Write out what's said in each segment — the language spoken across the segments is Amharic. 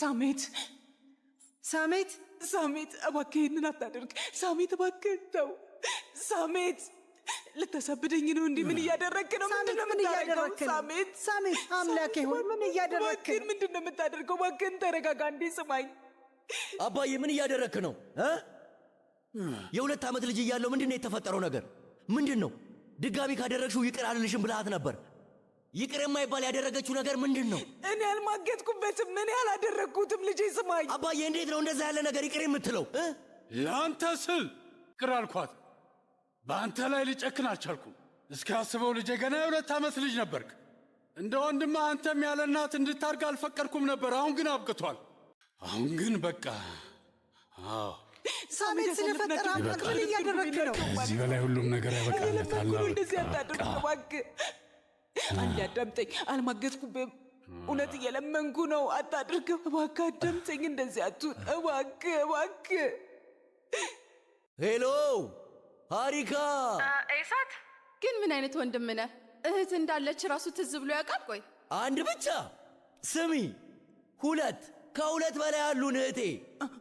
ሳሜት ሳሜት ሳሜት፣ እባክህ ይህንን አታደርግ። ሳሜት እባክህ ተው። ሳሜት ልታሳብደኝ ነው። እንዲህ ምን እያደረክ ነው? ምንድን ነው የምታደርገው? ሳሜት ሳሜት፣ አምላኬ ሆይ ምን እያደረክ ምንድን ነው የምታደርገው? እባክህን ተረጋጋ። እንዴ ስማኝ አባዬ፣ ምን እያደረክ ነው? የሁለት ዓመት ልጅ እያለው ምንድን ነው የተፈጠረው ነገር? ምንድን ነው ድጋሚ ካደረግሽው ይቅር አልልሽም ብልሃት ነበር ይቅር የማይባል ያደረገችው ነገር ምንድን ነው? እኔ አልማገጥኩበትም፣ እኔ አላደረግኩትም። ልጄ ስማኝ አባዬ። እንዴት ነው እንደዛ ያለ ነገር ይቅር የምትለው? ለአንተ ስል ቅር አልኳት። በአንተ ላይ ልጨክን አልቻልኩም። እስኪ አስበው ልጄ፣ ገና የሁለት ዓመት ልጅ ነበርክ። እንደ ወንድማ አንተም ያለ እናት እንድታርግ አልፈቀድኩም ነበር። አሁን ግን አብቅቷል። አሁን ግን በቃ ሳሜት ስለፈጠረ ምን እያደረግህ ነው? ከዚህ በላይ ሁሉም ነገር ያበቃለታል። እንደዚህ አታድርግ እባክህ። አንድ አዳምጠኝ፣ አልማገጥኩብም። እውነት እየለመንኩ ነው፣ አታድርግ እባክህ አዳምጠኝ፣ እንደዚህ አትሁን። እባክህ እባክህ። ሄሎ ሀሪካ ኢሳት፣ ግን ምን አይነት ወንድም ነህ? እህት እንዳለች ራሱ ትዝ ብሎ ያውቃል? ቆይ አንድ ብቻ ስሚ፣ ሁለት ከሁለት በላይ አሉን እህቴ፣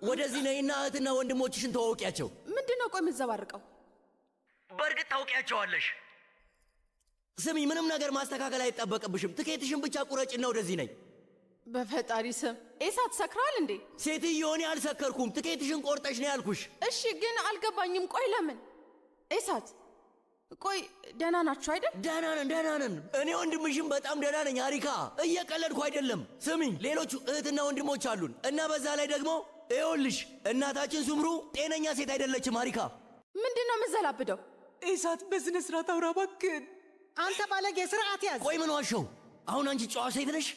ወደዚህ ነይና እህትና ወንድሞችሽን ተዋወቂያቸው። ምንድን ነው ቆይ የምዘባርቀው? በእርግጥ ታውቂያቸዋለሽ ስሚ፣ ምንም ነገር ማስተካከል አይጠበቅብሽም። ትኬትሽን ብቻ ቁረጭና ወደዚህ ነኝ። በፈጣሪ ስም ኤሳት ሰክራል እንዴ? ሴትዮ እኔ አልሰከርኩም። ትኬትሽን ቆርጠሽ ነው ያልኩሽ። እሺ፣ ግን አልገባኝም። ቆይ ለምን ኤሳት? ቆይ ደህና ናችሁ አይደል? ደህና ነን፣ ደህና ነን። እኔ ወንድምሽም በጣም ደህና ነኝ። አሪካ፣ እየቀለድኩ አይደለም። ስሚኝ፣ ሌሎቹ እህትና ወንድሞች አሉን እና በዛ ላይ ደግሞ ይኸውልሽ፣ እናታችን ሱምሩ ጤነኛ ሴት አይደለችም። አሪካ፣ ምንድን ነው የምዘላብደው? ኤሳት፣ በስነ ስርዓት አውራ እባክህ አንተ ባለጌ ስርዓት ያዝ። ቆይ ምን ዋሸው? አሁን አንቺ ጨዋ ሴት ነሽ።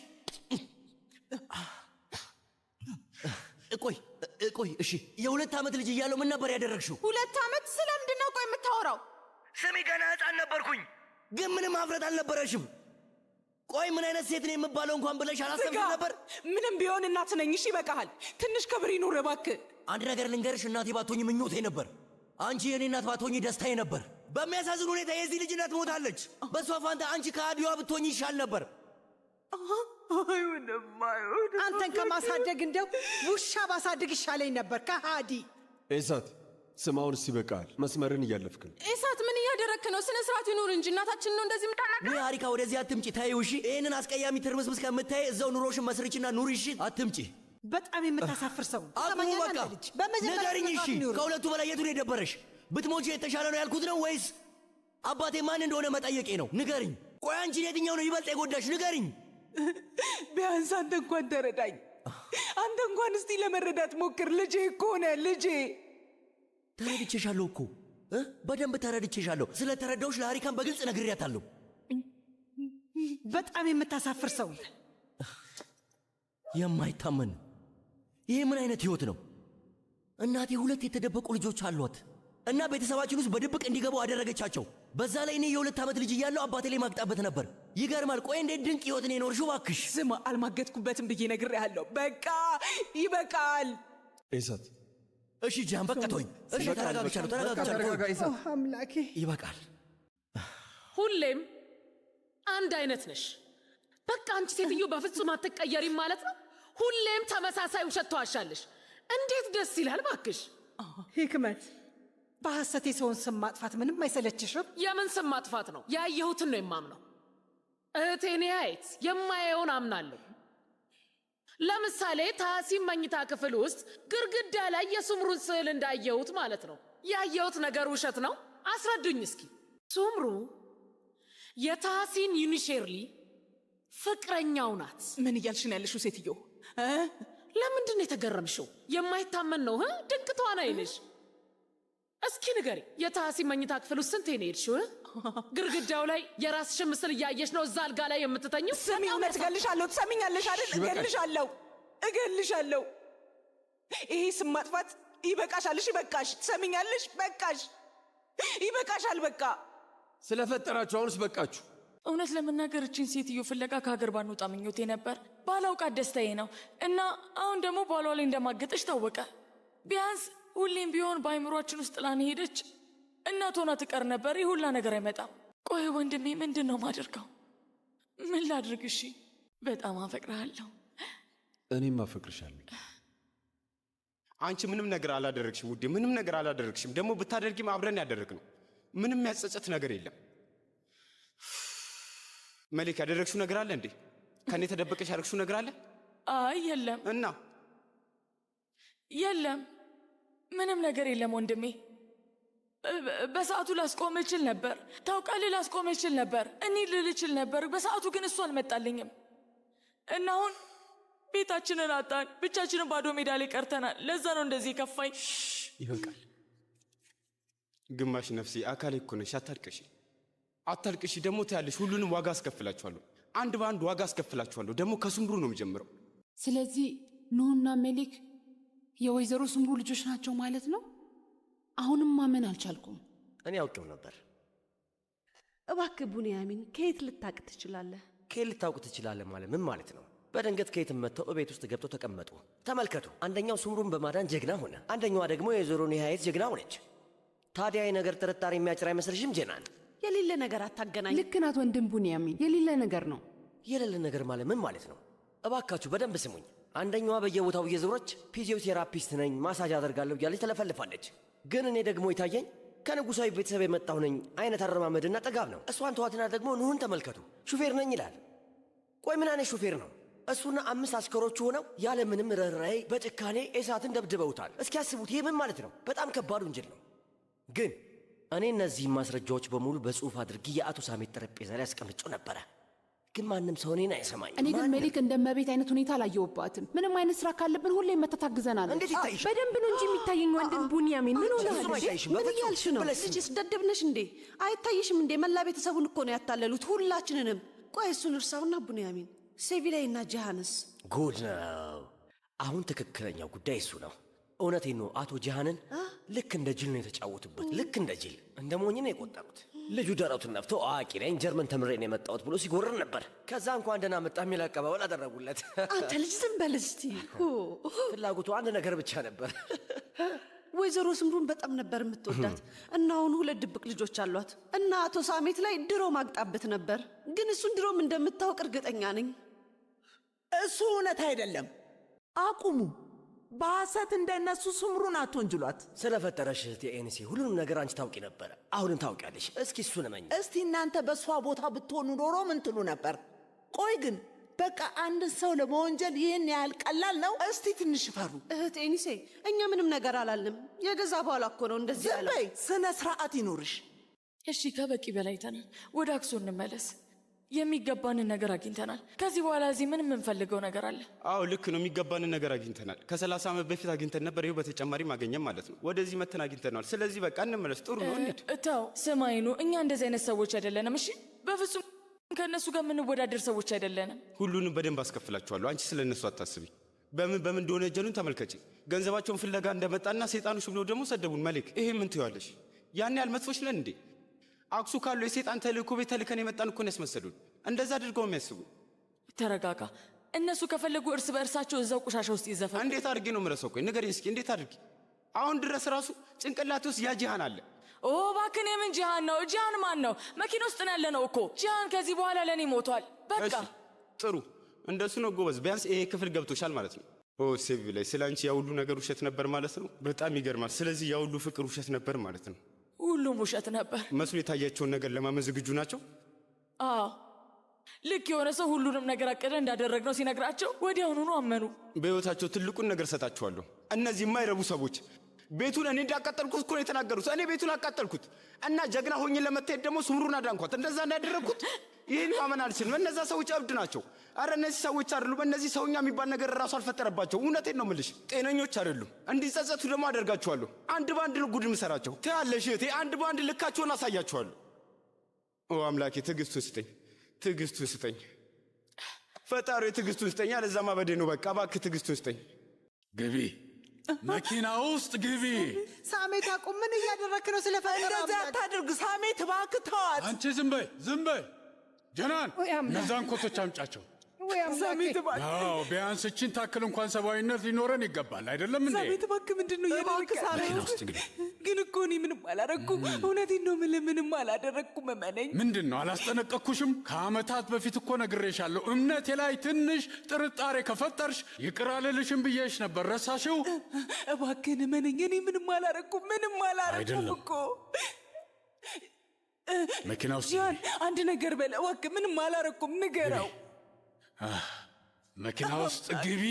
እቆይ እሺ የሁለት ዓመት ልጅ እያለው ምን ነበር ያደረግሽው? ሁለት ዓመት ስለምንድን ነው ቆይ የምታወራው? ስሚ ገና ሕፃን ነበርኩኝ፣ ግን ምንም ኀፍረት አልነበረሽም። ቆይ ምን አይነት ሴት ነው የምባለው እንኳን ብለሽ አላሰብሽም ነበር? ምንም ቢሆን እናት ነኝ። እሺ ይበቃሃል። ትንሽ ክብር ይኑር እባክህ። አንድ ነገር ልንገርሽ፣ እናቴ ባትሆኝ ምኞቴ ነበር። አንቺ የእኔ እናት ባትሆኝ ደስታዬ ነበር። በሚያሳዝን ሁኔታ የዚህ ልጅ እናት ሞታለች። በእሷ ፋንታ አንቺ ከአድዋ ብትሆኝ ይሻል ነበር። አንተን ከማሳደግ እንደው ውሻ ባሳድግ ይሻለኝ ነበር። ከሃዲ ኤሳት ስማውን አሁን ይበቃል። መስመርን እያለፍክ ነው። ኤሳት ምን እያደረክ ነው? ስነ ስርዓት ይኑር እንጂ እናታችን ነው እንደዚህ ምታደርግ። ይህ አሪካ ወደዚህ አትምጪ፣ ተይው እሺ። ይህንን አስቀያሚ ትርምስምስ ከምታይ እዛው ኑሮሽን መስርችና ኑሪ እሺ። አትምጪ። በጣም የምታሳፍር ሰው። አቡ በቃ። ነገርኝ እሺ፣ ከሁለቱ በላይ የቱን የደበረሽ? ብትሞጂ የተሻለ ነው ያልኩት ነው ወይስ አባቴ ማን እንደሆነ መጠየቄ ነው? ንገርኝ። ቆይ አንቺን የትኛው ነው ይበልጥ የጎዳሽ? ንገርኝ። ቢያንስ አንተ እንኳን ተረዳኝ። አንተ እንኳን እስቲ ለመረዳት ሞክር። ልጄ እኮ ሆነ ልጄ። ተረድቼሻለሁ እኮ በደንብ ተረድቼሻለሁ። ስለ ተረዳሁሽ ለአሪካን በግልጽ ነግሬያታለሁ። በጣም የምታሳፍር ሰው፣ የማይታመን ይሄ ምን አይነት ህይወት ነው? እናቴ ሁለት የተደበቁ ልጆች አሏት። እና ቤተሰባችን ውስጥ በድብቅ እንዲገቡ አደረገቻቸው። በዛ ላይ እኔ የሁለት ዓመት ልጅ እያለሁ አባቴ ላይ ማግጣበት ነበር። ይገርማል። ቆይ እንዴት ድንቅ ሕይወትን የኖርሽው! እባክሽ ስም አልማገጥኩበትም ብዬ ነግሬሃለሁ። በቃ ይበቃል። ኢሳት እሺ፣ ጃን በቃ ተወኝ። እሺ፣ ተረጋግቻለሁ፣ ተረጋግቻለሁ። አምላኬ ይበቃል። ሁሌም አንድ አይነት ነሽ። በቃ አንቺ ሴትዮ በፍጹም አትቀየሪም ማለት ነው። ሁሌም ተመሳሳይ ውሸት ተዋሻለሽ። እንዴት ደስ ይላል! እባክሽ ህክመት በሐሰት የሰውን ስም ማጥፋት ምንም አይሰለችሽም? የምን ስም ማጥፋት ነው? ያየሁትን ነው የማምነው። እህቴ ኒሃየት የማየውን አምናለሁ። ለምሳሌ ታሲም መኝታ ክፍል ውስጥ ግርግዳ ላይ የሱምሩን ስዕል እንዳየሁት ማለት ነው። ያየሁት ነገር ውሸት ነው? አስረዱኝ እስኪ። ሱምሩ የታሲን ዩኒሼርሊ ፍቅረኛው ናት። ምን እያልሽን ያለሽው ሴትዮ? ለምንድን ነው የተገረምሽው? የማይታመን ነው። ድንቅቷ ነው እስኪ ንገሪ የታሲ መኝታ ክፍል ውስጥ ስንት ነው የሄድሽው? ግርግዳው ላይ የራስሽን ምስል እያየሽ ነው እዛ አልጋ ላይ የምትተኝው? ስሚ፣ እውነት እገልሻለሁ። ትሰሚኛለሽ አይደል? እገልሻለሁ፣ እገልሻለሁ። ይሄ ስም ማጥፋት ይበቃሻልሽ፣ ይበቃሽ። ትሰሚኛለሽ? በቃሽ፣ ይበቃሻል። በቃ ስለፈጠራችሁ አሁንስ በቃችሁ። እውነት ለመናገር እችን ሴትዮ ፍለጋ ከሀገር ባንወጣ ምኞቴ ነበር። ባላውቃት ደስታዬ ነው። እና አሁን ደግሞ ባሏ ላይ እንደማገጠሽ ታወቀ። ቢያንስ ሁሌም ቢሆን በአይምሯችን ውስጥ ላን ሄደች እናት ሆና ትቀር ነበር። ይህ ሁላ ነገር አይመጣም። ቆይ ወንድሜ፣ ምንድን ነው ማደርገው? ምን ላድርግ? እሺ፣ በጣም አፈቅርሃለሁ። እኔም አፈቅርሻለሁ። አንቺ ምንም ነገር አላደረግሽም ውዴ፣ ምንም ነገር አላደረግሽም። ደግሞ ብታደርጊም አብረን ያደረግነው ምንም ያጸጸት ነገር የለም። መሌክ፣ ያደረግሽው ነገር አለ እንዴ? ከእኔ ተደበቀሽ ያደረግሽው ነገር አለ? አይ የለም። እና የለም ምንም ነገር የለም ወንድሜ። በሰዓቱ ላስቆም እችል ነበር፣ ታውቃለህ፣ ላስቆም እችል ነበር፣ እኔ ልል እችል ነበር። በሰዓቱ ግን እሱ አልመጣልኝም እና አሁን ቤታችንን አጣን፣ ብቻችንን ባዶ ሜዳ ላይ ቀርተናል። ለዛ ነው እንደዚህ የከፋኝ። ይበቃል። ግማሽ ነፍሴ አካል እኮ ነሽ። አታልቅሽ፣ አታልቅሽ። ደግሞ ታያለሽ፣ ሁሉንም ዋጋ አስከፍላችኋለሁ። አንድ በአንድ ዋጋ አስከፍላችኋለሁ። ደግሞ ከሱምብሩ ነው የሚጀምረው። ስለዚህ ኑህና ሜሊክ የወይዘሮ ስምሩ ልጆች ናቸው ማለት ነው? አሁንም ማመን አልቻልኩም። እኔ አውቄው ነበር። እባክህ ቡንያሚን፣ ከየት ልታቅ ትችላለህ? ከየት ልታውቅ ትችላለህ ማለት ምን ማለት ነው? በድንገት ከየትም መጥተው እቤት ውስጥ ገብተው ተቀመጡ። ተመልከቱ፣ አንደኛው ስምሩን በማዳን ጀግና ሆነ፣ አንደኛዋ ደግሞ የወይዘሮ ኒሃየት ጀግና ሆነች። ታዲያ የነገር ጥርጣሬ የሚያጭር አይመስልሽም ጄናን? የሌለ ነገር አታገናኝ። ልክ ናት ወንድም ቡንያሚን፣ የሌለ ነገር ነው። የሌለ ነገር ማለት ምን ማለት ነው? እባካችሁ በደንብ ስሙኝ። አንደኛዋ በየቦታው እየዞረች ፊዚዮቴራፒስት ነኝ ማሳጅ አደርጋለሁ እያለች ተለፈልፋለች። ግን እኔ ደግሞ ይታየኝ ከንጉሳዊ ቤተሰብ የመጣሁ ነኝ አይነት አረማመድና ጠጋብ ነው። እሷን ተዋትና ደግሞ ንሁን ተመልከቱ ሹፌር ነኝ ይላል። ቆይ ምን አይነት ሹፌር ነው? እሱና አምስት አስከሮቹ ሆነው ያለ ያለምንም ርኅራኄ በጭካኔ ኤሳትን ደብድበውታል። እስኪያስቡት ይህ ምን ማለት ነው? በጣም ከባድ ወንጀል ነው። ግን እኔ እነዚህም ማስረጃዎች በሙሉ በጽሑፍ አድርጌ የአቶ ሳሜት ጠረጴዛ ላይ አስቀምጬው ነበረ። ግን ማንም ሰው እኔን አይሰማኝ። እኔ ግን ሜሊክ እንደ መቤት አይነት ሁኔታ አላየውባትም። ምንም አይነት ስራ ካለብን ሁሌ መተታግዘናል። እንዴት ይታይሽ? በደንብ ነው እንጂ የሚታየኝ ወንድን። ቡኒያሚን ምን ሆነ? ምን እያልሽ ነው? ልጅስ ደደብ እንዴ? አይታይሽም እንዴ? መላ ቤተሰቡን እኮ ነው ያታለሉት ሁላችንንም። ቆይ እሱን እርሳውና፣ ቡኒያሚን ሴቪላይና ጃሃንስ ጉድ ነው። አሁን ትክክለኛው ጉዳይ እሱ ነው። እውነቴን ነው። አቶ ጃሃንን ልክ እንደ ጅል ነው የተጫወቱበት። ልክ እንደ ጅል እንደ ሞኝ ነው የቆጠሩት። ልጁ ደረቱን ነፍቶ አዋቂ ነኝ ጀርመን ተምሬን የመጣሁት ብሎ ሲጎርር ነበር። ከዛ እንኳን ደህና መጣ የሚል አቀባበል አደረጉለት። አንተ ልጅ ዝም በል እስቲ። ፍላጎቱ አንድ ነገር ብቻ ነበር። ወይዘሮ ስምሩን በጣም ነበር የምትወዳት እና አሁን ሁለት ድብቅ ልጆች አሏት እና አቶ ሳሜት ላይ ድሮ ማግጣበት ነበር፣ ግን እሱን ድሮም እንደምታውቅ እርግጠኛ ነኝ። እሱ እውነት አይደለም። አቁሙ። በሐሰት እንደ እነሱ ስምሩን አትወንጅሏት። ስለፈጠረሽ እህቴ ኤንሲ ሁሉንም ነገር አንቺ ታውቂ ነበረ፣ አሁንም ታውቂያለሽ። እስኪ እሱ ነመኝ። እስቲ እናንተ በእሷ ቦታ ብትሆኑ ኖሮ ምን ትሉ ነበር? ቆይ ግን በቃ አንድ ሰው ለመወንጀል ይህን ያህል ቀላል ነው? እስቲ ትንሽ ፈሩ። እህት ኤኒሴ፣ እኛ ምንም ነገር አላልንም። የገዛ በኋላ እኮ ነው እንደዚህ ያለው። ስነ ስርዓት ይኖርሽ። እሺ፣ ከበቂ በላይ ተናል። ወደ አክሶ እንመለስ። የሚገባንን ነገር አግኝተናል። ከዚህ በኋላ እዚህ ምን የምንፈልገው ነገር አለ? አዎ ልክ ነው፣ የሚገባንን ነገር አግኝተናል። ከሰላሳ ዓመት በፊት አግኝተን ነበር፣ ይኸው በተጨማሪ ማገኘም ማለት ነው። ወደዚህ መተን አግኝተነዋል። ስለዚህ በቃ እንመለስ። ጥሩ ነው፣ እንሂድ። እታው ስማይኑ፣ እኛ እንደዚህ አይነት ሰዎች አይደለንም። እሺ፣ በፍጹም ከእነሱ ጋር የምንወዳደር ሰዎች አይደለንም። ሁሉንም በደንብ አስከፍላችኋለሁ። አንቺ ስለ እነሱ አታስቢ። በምን በምን እንደሆነ ጀኑን ተመልከች። ገንዘባቸውን ፍለጋ እንደመጣና ሴጣኖች ብሎ ደግሞ ሰደቡን። መልክ ይሄ ምን ትይዋለሽ? ያን ያህል መጥፎች ነን እንዴ? አክሱ ካለው የሴጣን ተልእኮ ቤት ተልከን የመጣን እኮን ያስመሰሉን። እንደዛ አድርገው የሚያስቡ ተረጋጋ። እነሱ ከፈለጉ እርስ በእርሳቸው እዛው ቆሻሻ ውስጥ ይዘፈ። እንዴት አድርጌ ነው ምረሰው? ቆይ ንገሪኝ እስኪ እንዴት አድርጌ? አሁን ድረስ ራሱ ጭንቅላት ውስጥ ያ ጂሃን አለ። ኦ ባክን፣ የምን ጂሃን ነው? ጂሃን ማን ነው? መኪና ውስጥ ያለ ነው እኮ ጂሃን። ከዚህ በኋላ ለእኔ ሞቷል። በቃ ጥሩ፣ እንደሱ ነው ጎበዝ። ቢያንስ ይሄ ክፍል ገብቶሻል ማለት ነው። ኦ ሴቪ ላይ ስለ አንቺ ያሁሉ ነገር ውሸት ነበር ማለት ነው። በጣም ይገርማል። ስለዚህ ያሁሉ ፍቅር ውሸት ነበር ማለት ነው። ሁሉም ውሸት ነበር መስሎ የታያቸውን ነገር ለማመን ዝግጁ ናቸው። አዎ ልክ የሆነ ሰው ሁሉንም ነገር አቅደን እንዳደረግነው ሲነግራቸው ወዲያውኑኑ አመኑ። በሕይወታቸው ትልቁን ነገር እሰጣችኋለሁ። እነዚህ የማይረቡ ሰዎች ቤቱን እኔ እንዳቃጠልኩት እኮ ነው የተናገሩት። እኔ ቤቱን አቃጠልኩት እና ጀግና ሆኜ ለመታየት ደግሞ ስምሩን አዳንኳት። እንደዛ እንዳደረግኩት ይህን ማመን አልችልም። እነዛ ሰዎች እብድ ናቸው። አረ እነዚህ ሰዎች አይደሉም። እነዚህ ሰውኛ የሚባል ነገር ራሱ አልፈጠረባቸው። እውነቴን ነው ምልሽ፣ ጤነኞች አይደሉም። እንዲጸጸቱ ደግሞ አደርጋችኋለሁ። አንድ በአንድ ነው ጉድ ምሰራቸው። ትያለሽ እህቴ፣ አንድ በአንድ ልካቸውን አሳያችኋለሁ። አምላኬ፣ ትዕግስቱን ስጠኝ፣ ትዕግስቱን ስጠኝ ፈጣሪ፣ ትዕግስቱን ስጠኝ። አለዛ ማበዴ ነው። በቃ እባክህ ትዕግስቱን ስጠኝ። ግቢ መኪና ውስጥ ግቢ። ሳሜት አቁም! ምን እያደረክ ነው? ስለፈጠረ እንደዚህ አታድርግ ሳሜት፣ እባክህ ተዋት። አንቺ ዝም በይ፣ ዝም በይ። ጀናን እነዛን ኮቶች አምጫቸው። ቢያንስ እችን ታክል እንኳን ሰብአዊነት ሊኖረን ይገባል። አይደለም እንዴ? ሳሜት እባክህ፣ ምንድን ነው የባክሳለ? ግን እኮ እኔ ምንም አላረኩም። እውነቴን ነው የምልህ፣ ምንም አላደረግኩም። እመነኝ። ምንድን ነው አላስጠነቀቅኩሽም? ከአመታት በፊት እኮ ነግሬሻለሁ። እምነቴ ላይ ትንሽ ጥርጣሬ ከፈጠርሽ ይቅር አልልሽም ብዬሽ ነበር። ረሳሽው? እባክህን እመነኝ። እኔ ምንም አላረኩም፣ ምንም አላረኩም እኮ መኪና ውስጥ ጃን፣ አንድ ነገር በለ እባክህ። ምንም አላረኩም፣ ንገረው። መኪና ውስጥ ግቢ።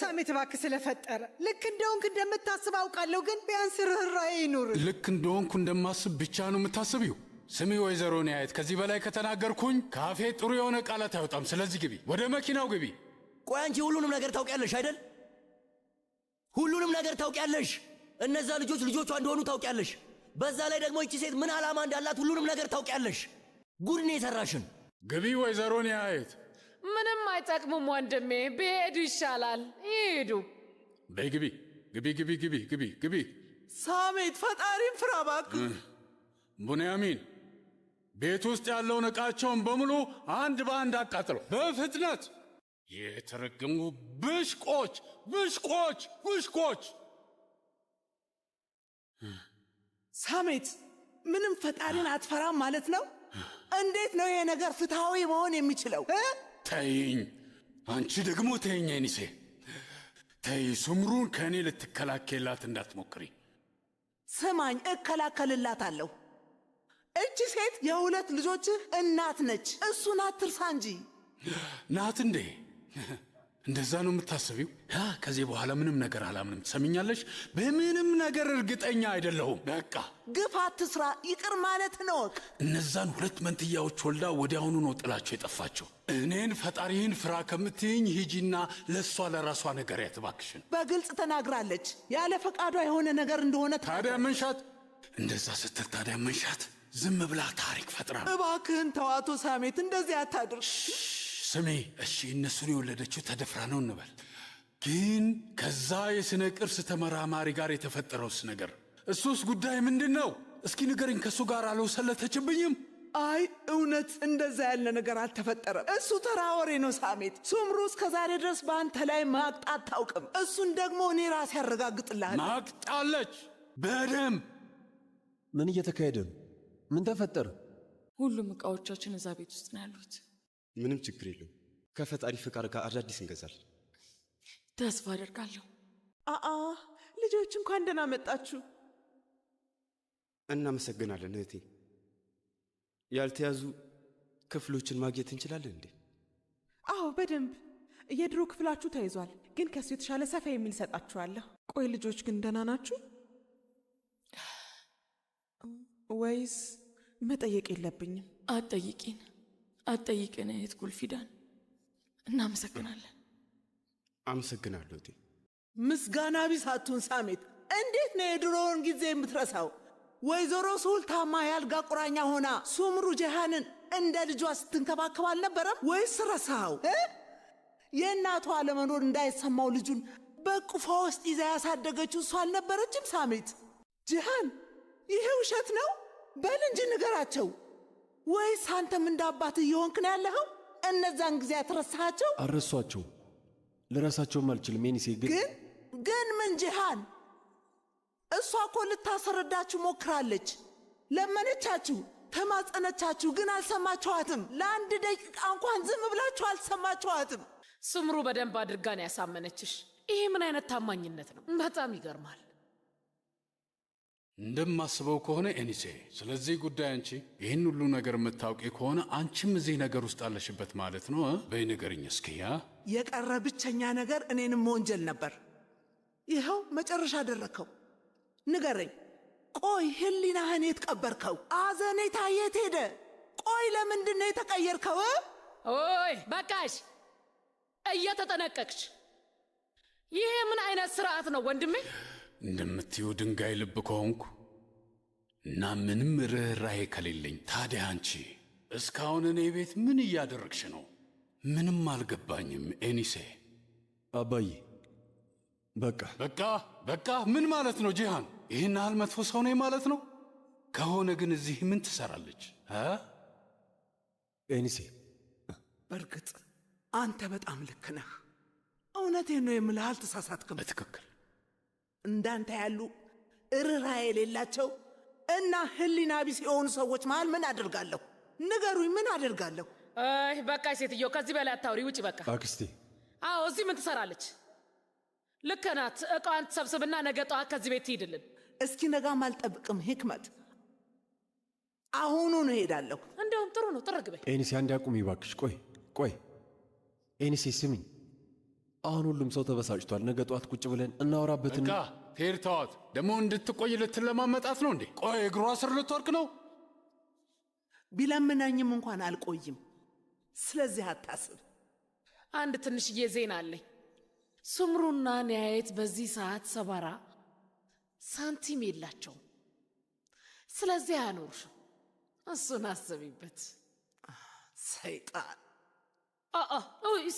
ሳሜት እባክህ፣ ስለፈጠረ ልክ እንደሆንክ እንደምታስብ አውቃለሁ፣ ግን ቢያንስ ርኅራዬ ይኑር። ልክ እንደሆንኩ እንደማስብ ብቻ ነው የምታስብው ስሚ ወይዘሮ ንያየት፣ ከዚህ በላይ ከተናገርኩኝ ካፌ ጥሩ የሆነ ቃላት አይወጣም። ስለዚህ ግቢ፣ ወደ መኪናው ግቢ። ቆይ አንቺ ሁሉንም ነገር ታውቂያለሽ አይደል? ሁሉንም ነገር ታውቂያለሽ። እነዛ ልጆች ልጆቿ እንደሆኑ ታውቂያለሽ። በዛ ላይ ደግሞ ይቺ ሴት ምን ዓላማ እንዳላት ሁሉንም ነገር ታውቂያለሽ። ጉድ የሰራሽን። ግቢ ወይዘሮን ያየት ምንም አይጠቅሙም ወንድሜ፣ ብሄዱ ይሻላል። ይሄዱ በይ ግቢ ግቢ ግቢ ግቢ ግቢ ግቢ። ሳሜት ፈጣሪም ፍራ እባክህ። ቡንያሚን ቤት ውስጥ ያለውን ዕቃቸውን በሙሉ አንድ በአንድ አቃጥሎ በፍጥነት የተረገሙ ብሽቆች ብሽቆች ብሽቆች ሳሜት ምንም ፈጣሪን አትፈራም ማለት ነው? እንዴት ነው ይሄ ነገር ፍትሐዊ መሆን የሚችለው? ተይኝ፣ አንቺ ደግሞ ተይኝ አይኒሴ፣ ተይ። ስምሩን ከእኔ ልትከላከላት እንዳትሞክሪ። ስማኝ፣ እከላከልላታለሁ። እቺ ሴት የሁለት ልጆችህ እናት ነች። እሱን አትርሳ እንጂ ናት እንዴ እንደዛ ነው የምታስቢው? ከዚህ በኋላ ምንም ነገር አላምንም። ትሰሚኛለሽ? በምንም ነገር እርግጠኛ አይደለሁም። በቃ ግፍ አትስራ፣ ይቅር ማለት ነው። እነዛን ሁለት መንትያዎች ወልዳ ወዲያውኑ ነው ጥላቸው የጠፋቸው። እኔን ፈጣሪህን ፍራ ከምትይኝ ሂጂና ለእሷ ለራሷ ነገር ያትባክሽን። በግልጽ ተናግራለች፣ ያለ ፈቃዷ የሆነ ነገር እንደሆነ። ታዲያ መንሻት እንደዛ ስትል ታዲያ መንሻት ዝም ብላ ታሪክ ፈጥራ። እባክህን ተዋቶ ሳሜት እንደዚህ አታድርግ። ስሜ እሺ፣ እነሱን የወለደችው ተደፍራ ነው እንበል። ግን ከዛ የሥነ ቅርስ ተመራማሪ ጋር የተፈጠረውስ ነገር እሱስ ጉዳይ ምንድን ነው? እስኪ ንገርኝ። ከእሱ ጋር አልወሰለተችብኝም? አይ እውነት እንደዛ ያለ ነገር አልተፈጠረም። እሱ ተራ ወሬ ነው። ሳሜት ሱምሩ እስከ ዛሬ ድረስ በአንተ ላይ ማቅጣ አታውቅም። እሱን ደግሞ እኔ ራሴ ያረጋግጥልሃል። ማቅጣለች በደም ምን እየተካሄደ ነው? ምን ተፈጠረ? ሁሉም እቃዎቻችን እዛ ቤት ውስጥ ነው ያሉት። ምንም ችግር የለው። ከፈጣሪ ፍቃድ ጋር አዳዲስ እንገዛል። ተስፋ አደርጋለሁ። አአ ልጆች እንኳን ደህና መጣችሁ። እናመሰግናለን እህቴ። ያልተያዙ ክፍሎችን ማግኘት እንችላለን እንዴ? አዎ በደንብ የድሮ ክፍላችሁ ተይዟል፣ ግን ከሱ የተሻለ ሰፋ የሚል ሰጣችኋለሁ። ቆይ ልጆች ግን ደህና ናችሁ ወይስ መጠየቅ የለብኝም? አትጠይቂን። አትጠይቀን እህት ጉልፊዳን። እናመሰግናለን። አመሰግናለሁ እቴ። ምስጋና ቢስ አቱን ሳሜት፣ እንዴት ነው የድሮውን ጊዜ የምትረሳው? ወይዘሮ ሱልታማ ያልጋ ቁራኛ ሆና ሱምሩ ጀሃንን እንደ ልጇ ስትንከባከብ አልነበረም ወይስ ረሳው የእናቷ አለመኖር እንዳይሰማው ልጁን በቁፋ ውስጥ ይዛ ያሳደገችው እሷ አልነበረችም? ሳሜት ጅሃን፣ ይሄ ውሸት ነው። በል እንጂ ንገራቸው። ወይስ አንተም እንደ አባት እየሆንክ ነው ያለኸው? እነዛን ጊዜያት ረሳቸው አረሷቸው፣ ልረሳቸውም አልችልም። ኔሴ ግን ግን ምን ጅሃን፣ እሷ እኮ ልታስረዳችሁ ሞክራለች። ለመነቻችሁ፣ ተማጸነቻችሁ፣ ግን አልሰማችኋትም። ለአንድ ደቂቃ እንኳን ዝም ብላችሁ አልሰማችኋትም። ስምሩ በደንብ አድርጋን ያሳመነችሽ። ይሄ ምን አይነት ታማኝነት ነው? በጣም ይገርማል። እንደማስበው ከሆነ ኤኒሴ፣ ስለዚህ ጉዳይ አንቺ ይህን ሁሉ ነገር የምታውቂ ከሆነ አንቺም እዚህ ነገር ውስጥ አለሽበት ማለት ነው። በይ ንገርኝ እስኪያ። የቀረ ብቸኛ ነገር እኔንም መወንጀል ነበር። ይኸው መጨረሻ አደረግከው። ንገረኝ። ቆይ ህሊናህን የት ቀበርከው? አዘኔታ የት ሄደ? ቆይ ለምንድን ነው የተቀየርከው? ኦይ በቃሽ፣ እየተጠነቀቅሽ። ይሄ ምን አይነት ስርዓት ነው ወንድሜ? እንደምትዩ ድንጋይ ልብ ከሆንኩ እና ምንም ርኅራሄ ከሌለኝ ታዲያ አንቺ እስካሁን እኔ ቤት ምን እያደረግሽ ነው? ምንም አልገባኝም ኤኒሴ። አባዬ በቃ በቃ በቃ። ምን ማለት ነው ጂሃን? ይህን ያህል መጥፎ ሰው ነኝ ማለት ነው? ከሆነ ግን እዚህ ምን ትሰራለች ኤኒሴ? በእርግጥ አንተ በጣም ልክ ነህ። እውነቴን ነው የምልህ፣ አልተሳሳትክም። በትክክል እንዳንተ ያሉ እርራ የሌላቸው እና ህሊና ቢስ የሆኑ ሰዎች መሃል ምን አደርጋለሁ? ንገሩኝ፣ ምን አደርጋለሁ? በቃ ሴትዮ፣ ከዚህ በላይ አታውሪ፣ ውጭ በቃ። አክስቴ፣ አዎ፣ እዚህ ምን ትሰራለች? ልክ ናት። እቃዋን ትሰብስብና ነገ ጠዋት ከዚህ ቤት ትሂድልን። እስኪ ነጋም አልጠብቅም ህክመት፣ አሁኑን እሄዳለሁ። እንደውም ጥሩ ነው፣ ጥርግ በይ። ኤኒሴ፣ አንድ አቁሚ ቆይ ቆይ፣ ኤኒሴ ስሚኝ አሁን ሁሉም ሰው ተበሳጭቷል። ነገ ጠዋት ቁጭ ብለን እናወራበት። ካ ቴር ተዋት። ደግሞ እንድትቆይ ልትለማመጣት ነው እንዴ? ቆይ እግሯ ስር ልትወርቅ ነው። ቢለምናኝም እንኳን አልቆይም። ስለዚህ አታስብ። አንድ ትንሽዬ ዜና አለኝ። ስምሩና ኒያየት በዚህ ሰዓት ሰባራ ሳንቲም የላቸውም። ስለዚህ አያኖርሽም። እሱን አስቢበት ሰይጣን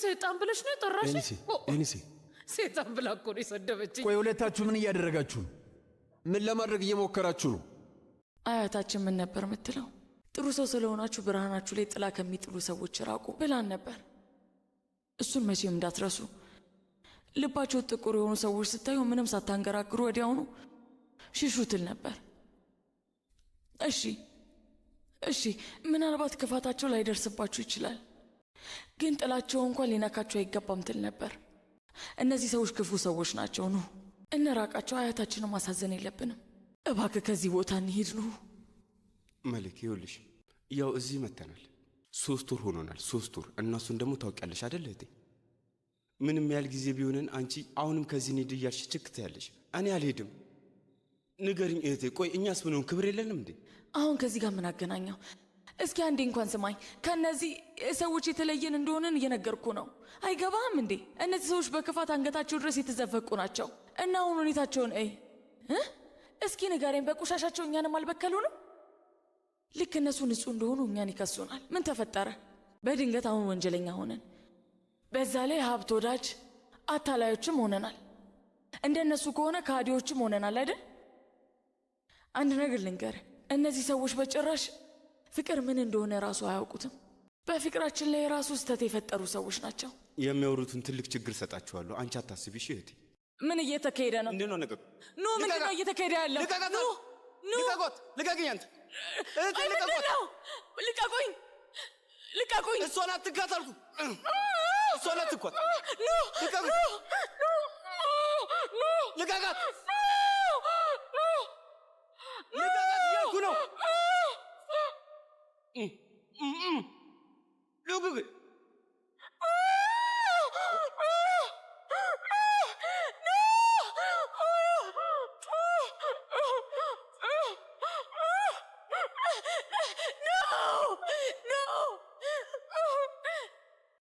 ሰይጣን ብለሽ ነው የጠራሽ? ኤኒሴ ብላ እኮ ነው የሰደበችኝ። ቆይ ሁለታችሁ ምን እያደረጋችሁ ነው? ምን ለማድረግ እየሞከራችሁ ነው? አያታችን ምን ነበር የምትለው? ጥሩ ሰው ስለሆናችሁ ብርሃናችሁ ላይ ጥላ ከሚጥሉ ሰዎች ራቁ ብላን ነበር። እሱን መቼም እንዳትረሱ። ልባቸው ጥቁር የሆኑ ሰዎች ስታዩ ምንም ሳታንገራግሩ ወዲያውኑ ሽሹ ትል ነበር። እሺ እሺ፣ ምናልባት ክፋታቸው ላይደርስባችሁ ይችላል ግን ጥላቸው እንኳን ሊነካቸው አይገባም ትል ነበር። እነዚህ ሰዎች ክፉ ሰዎች ናቸው ነው እነራቃቸው። አያታችንን ማሳዘን የለብንም። እባክ ከዚህ ቦታ እንሂድ ነው። መልክ ይኸውልሽ፣ ያው እዚህ መተናል። ሶስት ወር ሆኖናል። ሶስት ወር እነሱን ደግሞ ታውቂያለሽ አደለ እህቴ? ምንም ያህል ጊዜ ቢሆንን አንቺ አሁንም ከዚህ እንሂድ እያልሽ ችክ ትያለሽ። እኔ አልሄድም። ንገሪኝ እህቴ። ቆይ እኛስ ምንሆን ክብር የለንም እንዴ? አሁን ከዚህ ጋር ምን አገናኘው? እስኪ አንዴ እንኳን ስማኝ፣ ከእነዚህ ሰዎች የተለየን እንደሆነን እየነገርኩ ነው። አይገባህም እንዴ? እነዚህ ሰዎች በክፋት አንገታቸው ድረስ የተዘፈቁ ናቸው። እና አሁን ሁኔታቸውን እ እስኪ ንገረኝ፣ በቆሻሻቸው እኛንም አልበከሉንም? ልክ እነሱ ንጹህ እንደሆኑ እኛን ይከሱናል። ምን ተፈጠረ? በድንገት አሁን ወንጀለኛ ሆነን፣ በዛ ላይ ሀብት ወዳጅ አታላዮችም ሆነናል። እንደ እነሱ ከሆነ ከሃዲዎችም ሆነናል አይደል? አንድ ነገር ልንገር፣ እነዚህ ሰዎች በጭራሽ ፍቅር ምን እንደሆነ ራሱ አያውቁትም። በፍቅራችን ላይ ራሱ ስህተት የፈጠሩ ሰዎች ናቸው። የሚያወሩትን ትልቅ ችግር ሰጣችኋለሁ። አንቺ አታስቢ እሺ እህቴ። ምን እየተካሄደ ነው? ምንድን ነው ኑ ምንድን ነው እየተካሄደ ያለው? ኑ ኑ! ልቀቅኝ! አንተ እህቴ ልቀቁኝ! ልቀቁኝ! እሷን አትጋት አልኩ። እሷን አትኳት! ኑ! ልቀቃት! 嗯嗯嗯，刘鬼鬼。